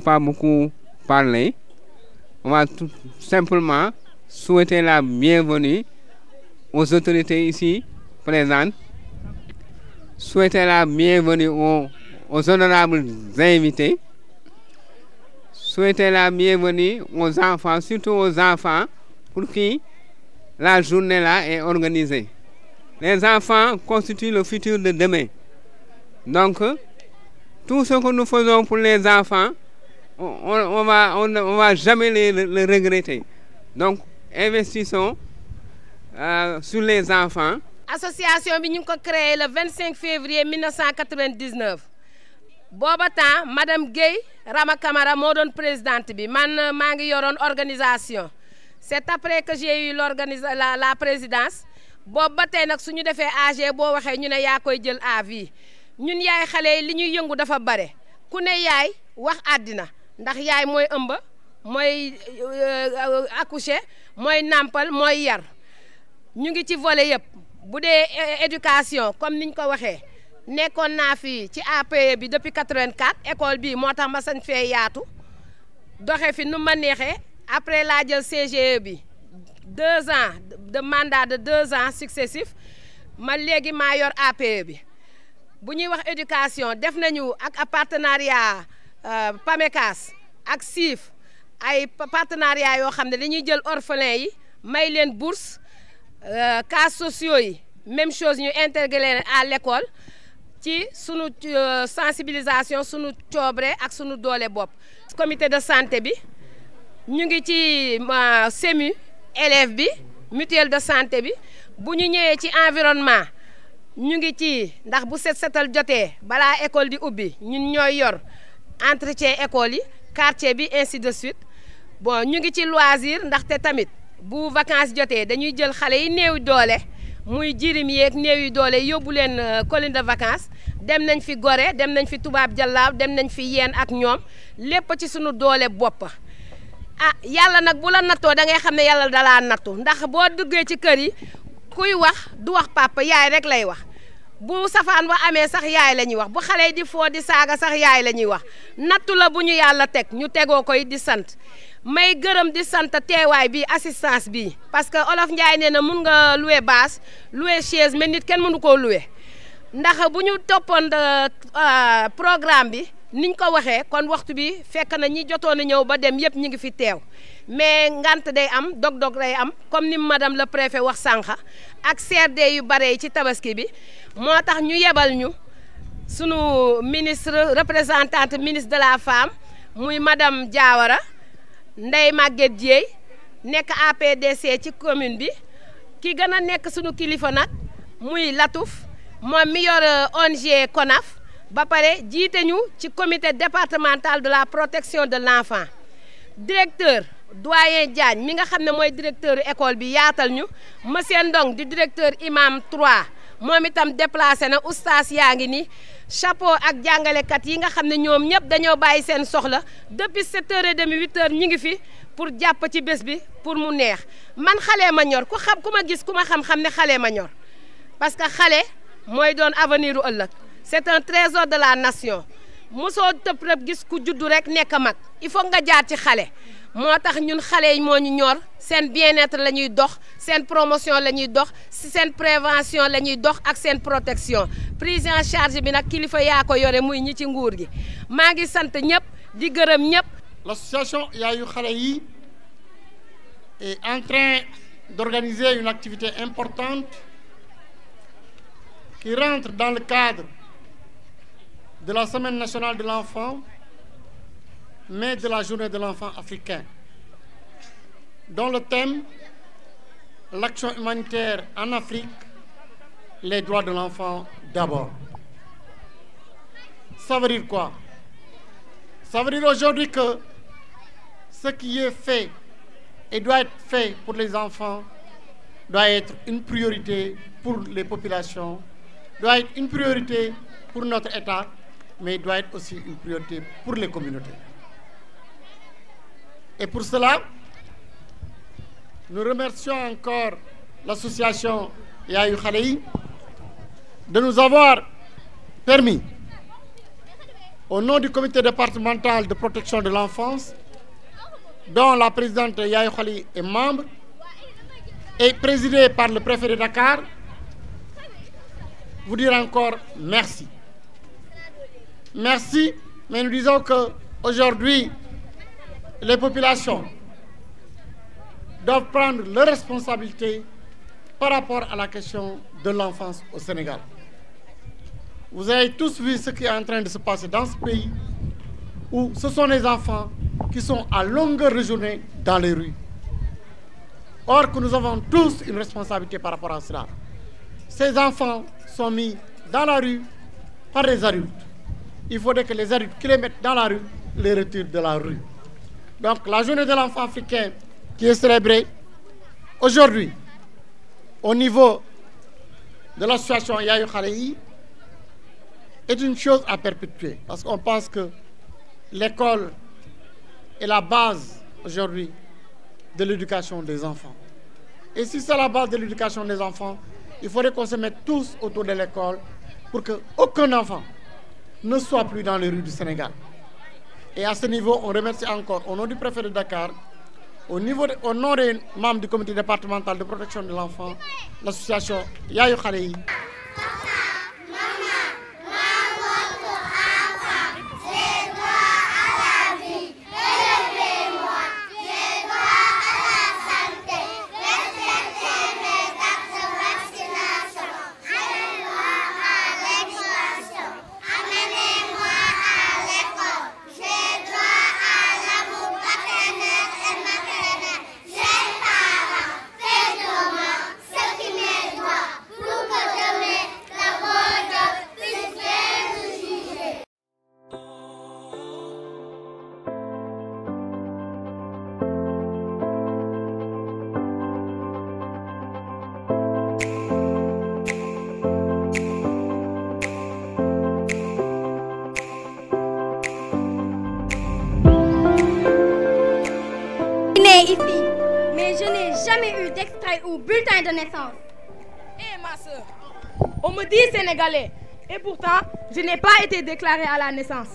pas beaucoup parler. On va tout simplement souhaiter la bienvenue aux autorités ici présentes. Souhaiter la bienvenue aux, aux honorables invités. Souhaiter la bienvenue aux enfants, surtout aux enfants pour qui la journée là est organisée. Les enfants constituent le futur de demain. Donc, tout ce que nous faisons pour les enfants, on va on ne va jamais le, regretter donc investissons euh, sur les enfants. association bi ñu le 25 février 1999 Bobata, madame Gay, Rama Kamara, présidente bi man organisation c'est après que j'ai eu la présidence bobata ba tey nag nous avons AG boo waxee ñu ne Nous avons jël à vie ñun yaay xale Nous li ñuy yëngu dafa bare ku ne ndax yaay mooy amba mooy euh, accoucher mooy nampal mooy yar ñu ngi ci volet yëpp bu dee éducation comme niñ ko waxee nekkoon naa fi ci APE bi depuis 84 école bii moo tax ma sañ fee yaatu doxe fi nu ma neexee après laa jël CGE bi deux ans de mandat de deux ans successifs ma léegi maa yor APE bi bu ñuy wax éducation def nañu ak partenariat Euh, PAMECAS ak siif ay partenariat yoo xam ne dañuy jël orphelin yi may leen bourse euh, cas sociaux yi même chose ñu intégré leen à l'école ci sunu euh, sensibilisation sunu coobre ak sunu doole bopp. comité de santé bi ñu ngi ci semu élève bi mutuelle de santé bi bu ñu ñëwee ci environnement ñu ngi ci ndax bu set setal jotee balaa école di ubbi ñun ñooy yor. entretien école quartier bi ainsi de suite bon ñu ngi ci loisir ndaxte tamit bu vacances nous dañuy jël xalé yi néw nous muy jirim ak néw yi doolé yóbbu leen euh, de vacances dem nañ fi Gorée dem nañ fi toubab dem nañ fi yeen ak ñom lépp ci suñu doolé bop ah yalla nak bu la natto da ngay xamné yalla da la natto ndax ci kër yi kuy papa yaay rek lay bu safaan ba amee sax yaay la ñuy wax bu xale yi di foo di saaga sax yaay la ñuy wax nattu la bu ñu yàlla teg ñu tegoo koy di sant may gërëm di sant teewaay bi assistance bi parce que olof Ndiaye nee na mun nga louer bâche louer chaise mais nit kenn mënu koo louer ndax bu ñu toppoon euh, euh, programme bi niñ ko waxee kon waxtu bi fekk na ñi jotoon ñëw ba dem yëpp ñu ngi fi teew mais ngant day am dog-dog day am comme ni madame la préfet wax sànq ak CRD yu bare ci tabaski bi. moo tax ñu yebal ñu sunu ministre représentante ministre de la femme muy madame Diawara Ndeye màgget Dieye nekk p APDC ci commune bi ki gën a nekk sunu kilifa nag muy Latouf moom mi yor euh, ONG CONAF ba pare jiite ñu ci comité départemental de la protection de l'enfant directeur doyen Diagne mi nga xam ne mooy directeur école bi yaatal ñu monsieur Ndong di directeur imam 3 moom itam déplacé na ustaas yaangi ni chapeau ak kat yi nga xamne ñom ñep ñëpp dañoo bàyyi seen soxla depuis 7 h et demi huit heures ñi ngi fi pour japp ci bés bi pour mu neex man xalé ma ñor ku xam kuma ma gis kuma xam xamne xalé ma ñor parce que xalé moy doon avenir u c'est un trésor de la nation mosoo tëb rek gis ku juddu rek nekk mak il faut nga jaar ci xalé moo tax ñun xale yi moo ñu ñor seen bien-être la ñuy dox seen promotion la ñuy dox seen prévention la ñuy dox ak seen protection prise en charge bi nag kilifa yaa ko yore muy ñi ci nguur gi maa ngi sant ñëpp di gërëm ñëpp. L'association yu Xale yi est en train d'organiser une activité importante qui rentre dans le cadre de la Semaine nationale de l'enfant mais de la journée de l'enfant africain, Dans le thème L'action humanitaire en Afrique, les droits de l'enfant d'abord. Ça veut dire quoi Ça veut dire aujourd'hui que ce qui est fait et doit être fait pour les enfants doit être une priorité pour les populations, doit être une priorité pour notre État, mais doit être aussi une priorité pour les communautés. Et pour cela, nous remercions encore l'association Yahya Khalei de nous avoir permis, au nom du comité départemental de protection de l'enfance, dont la présidente Yahya Khalei est membre, et présidée par le préfet de Dakar, vous dire encore merci. Merci, mais nous disons qu'aujourd'hui les populations doivent prendre leurs responsabilités par rapport à la question de l'enfance au Sénégal. Vous avez tous vu ce qui est en train de se passer dans ce pays, où ce sont les enfants qui sont à longueur de journée dans les rues. Or que nous avons tous une responsabilité par rapport à cela. Ces enfants sont mis dans la rue par les adultes. Il faudrait que les adultes qui les mettent dans la rue les retirent de la rue. Donc la journée de l'enfant africain qui est célébrée aujourd'hui au niveau de l'association Yayo Khalei est une chose à perpétuer. Parce qu'on pense que l'école est la base aujourd'hui de l'éducation des enfants. Et si c'est la base de l'éducation des enfants, il faudrait qu'on se mette tous autour de l'école pour qu'aucun enfant ne soit plus dans les rues du Sénégal. Et à ce niveau, on remercie encore, au nom du préfet de Dakar, au, niveau nom des membres du comité départemental de protection de l'enfant, l'association Yayo Khalei. d'extrait ou bulletin de naissance. Eh ma soeur, on me dit sénégalais et pourtant je n'ai pas été déclarée à la naissance.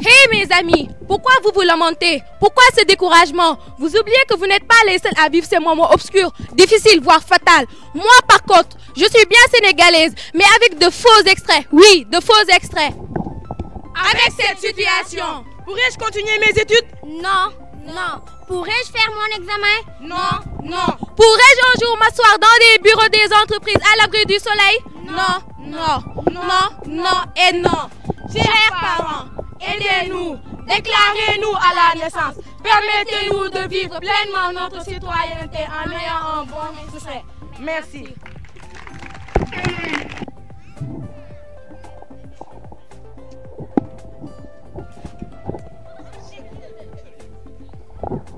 Hé eh, hey, mes amis, pourquoi vous vous lamentez Pourquoi ce découragement Vous oubliez que vous n'êtes pas les seuls à vivre ces moments obscurs, difficiles, voire fatals. Moi par contre, je suis bien sénégalaise, mais avec de faux extraits. Oui, de faux extraits. avec cette situation, pourrais-je continuer mes études Non, non. Pourrais-je faire mon examen Non, non. Pourrais-je un jour m'asseoir dans les bureaux des entreprises à l'abri du soleil Non, non, non, non et non. Chers parents, aidez-nous, déclarez-nous à la naissance. Permettez-nous de vivre pleinement notre citoyenneté en ayant un bon médecin. Merci.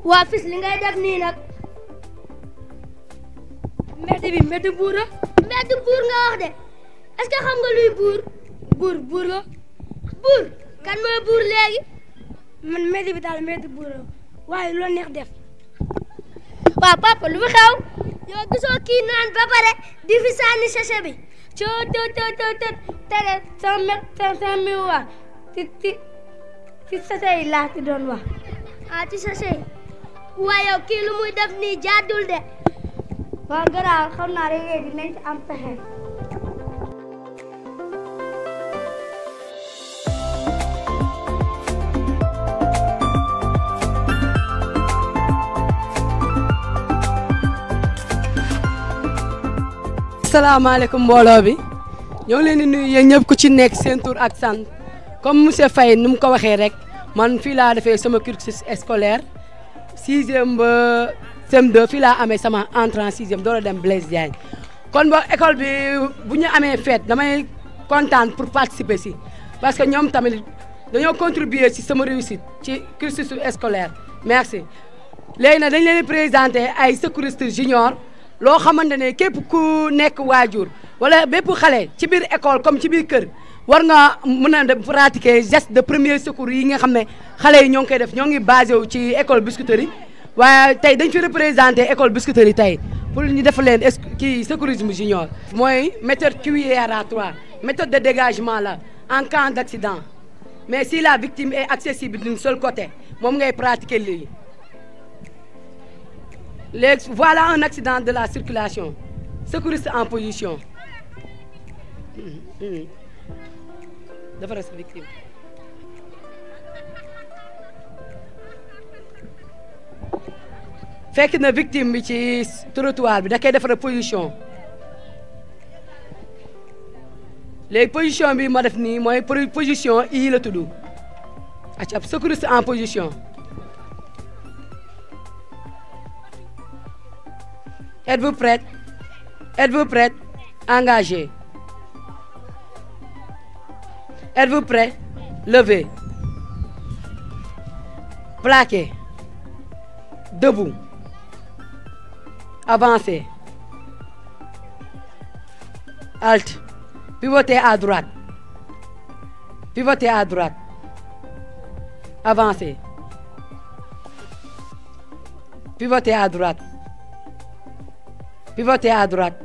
wafis fis li ngay def ni nak mbedd bi mbedd bour mbedd nga wax de est-ce xam nga luy bour bour bour la bour kan moy bour legi man mbedd bi dal mbedd bour la lo neex def wa papa lu xew yo gisso ki nan ba pare di fi sani sachet bi cho tëw tëw tëw tëw tere sama sama mi waa ti ti ci sachet yi laa ci doon wax ah ci sachet waaye kii lu muy def nii jaadul de. waaw garaawal xam naa rek léegi dinañ am pexe. salaamaaleykum mbooloo bi ñoo leen di nuyu yéen ku ci nekk seen tur ak sant comme monsieur Faye nu mu ko waxee rek man fii laa defee sama cursus scolaire. sixième ba CM2 fii laa amee sama entrant sixième door a dem Blaise Diagne kon bo école bi buñu amé amee fête damay contente pour participer si parce que ñom tamit dañoo contribuer ci sama réussite ci cursus scolaire merci léegi nag dañ leen présenter ay secouriste junior lo xamante képp ku nekk waajur wala bép xalé ci biir école comme ci biir kër war nga mën a geste de premier secours yi nga xamné xalé yi ñong koy def ngi ci école biscuiterie waaye tey dañ fi représenté école biscuiterie tey pour ñu def leen secourisme junior. mooy méthode cuillère à trois méthode de dégagement en cas d'accident. mais si la victime est accessible d'un seul côté moom ngay pratiquer voilà un accident de la circulation secouriste en position faire respecté wu. fekk une victime bi ci trottoir bi da koy defara position La position bi ma def nii mooy position i la tudd aca secouriste en position êtes-vous prête êtes-vous prête engagé Êtes-vous prêt Levez. Plaquez. Debout. Avancez. Alt. Pivotez à droite. Pivotez à droite. Avancez. Pivotez à droite. Pivotez à droite.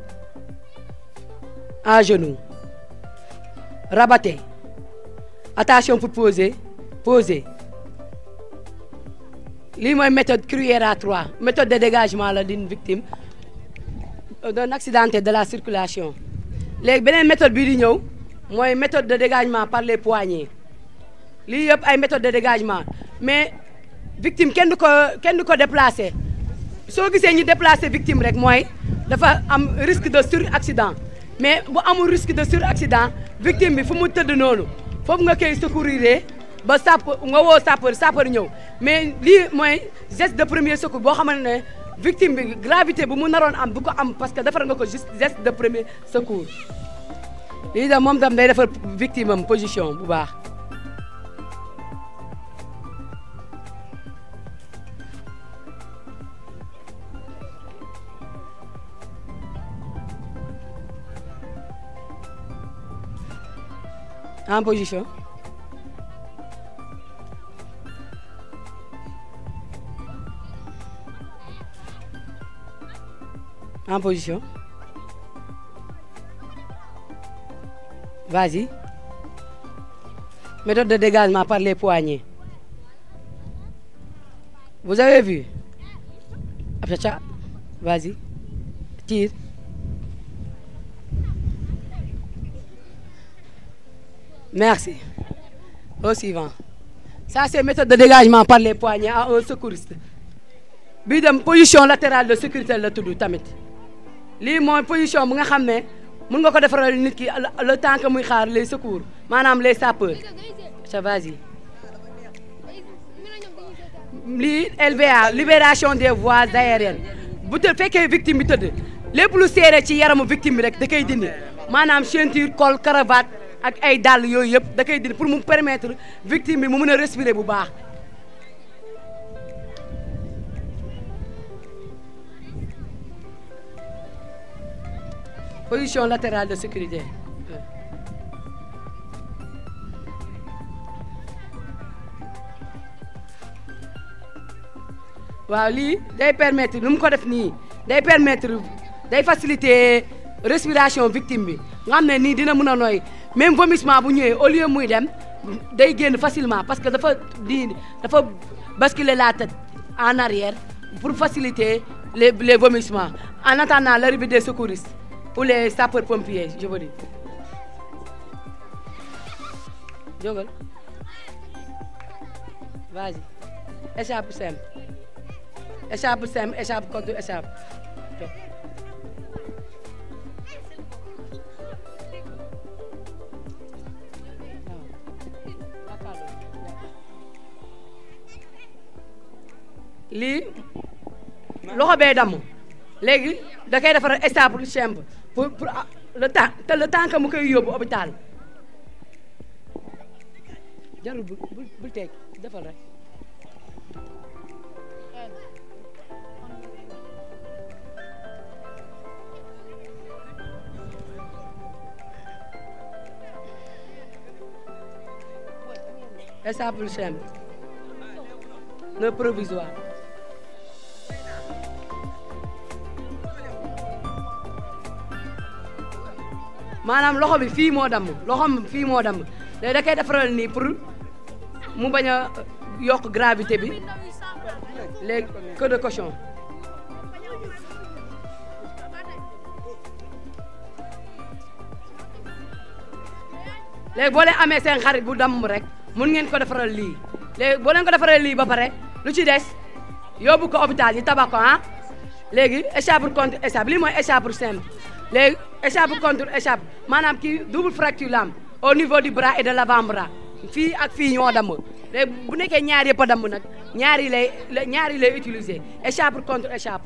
À genoux. Rabattez attention pour poser poser C'est une méthode cruelle à trois méthode de dégagement d'une victime euh, d'un accident de la circulation léegi méthode méthode de dégagement par les poignets C'est une méthode de dégagement mais victime kenn peut ko kenn Si ko déplacé soo la victime il y a un risque de sur accident mais bu un risque de sur accident victime il faut monter de nous. Faut secours, secourir ba nga sapeur sapeur mais c'est geste de premier secours Si victime bi gravité bu mu am parce que c'est nga geste de premier secours Je da position bu En position. En position. Vas-y. Méthode de dégagement par les poignets. Vous avez vu vas-y. Tire. Merci. Au suivant. Ça, c'est méthode de dégagement par les poignets à un secouriste. position latérale de sécurité la tamit position le temps que xaar les secours Madame les sapeurs ça va libération des voies aériennes bu të que victime bi victime bi rek da Je ceinture col ak ay dal yooyu yëpp da koy dindi pour mu permettre victime bi mu mën a respirer bu baax. position latérale de sécurité. waaw lii day permettre nu mu ko def nii day permettre day faciliter respiration victime bi nga xam ne nii dina mën a même vomissement bu ñëwee au lieu muy dem day génn facilement parce que dafa di dafa basculer la tête en arrière pour faciliter les les vomissements en attendant l'arrivée des secouristes ou les sapeurs pompiers je vous dis. Jogal vas-y échappe Sème. échappe Sème, échappe contre échappe li loxo bee damm léegi da koy defaral stable simple pour pour ah, le temps te le temps que mu koy yóbbu hôpital jarul bu bul teg defal rek stable simple no provisoire manam loxo bi fii moo damm loxom fi mo dam day da kay defal ni pour mu baña a euh, gravité bi leg queue de cochon leg bo le amé sen xarit bu dam rek mun ngeen ko defal li leg bo len ko defal li ba paré lu ci dess yobou ko hôpital ñu tabax ko ah léegi écharpe contre écharpe lii mooy écharpe simple Les échappe contre échappe manam qui double fracture lam au niveau du bras et de l'avant-bras fi ak fi ñoo damm bu nekkee ñaar yëpp a nak nag ñaar yi lay ñaar lay utiliser échappe contre échappe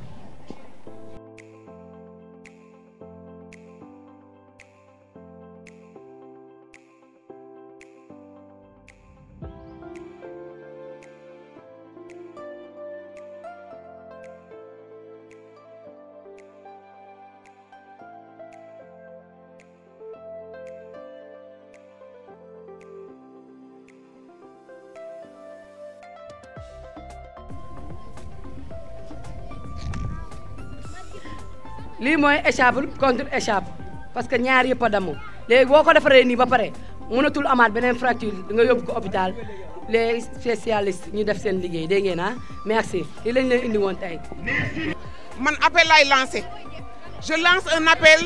lii mooy échable contre échappe parce que ñaar yëpp a damm léegi boo ko defaree nii ba pare mënatul amaat beneen fracture nga yóbbu ko hôpital les spécialistes ñu def seen liggéey dégg ngeen ah merci li lañ leen indi woon tey. man appel laay lancé je lance un appel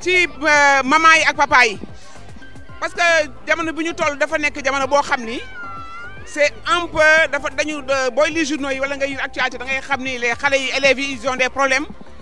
ci euh, maman yi ak papa yi parce que jamono bi ñu toll dafa nekk jamono boo xam ni c'est un peu dafa dañu euh, booy li journaux yi wala nga yu actualité da ngay xam ni les xale yi élèves yi ils ont des problèmes.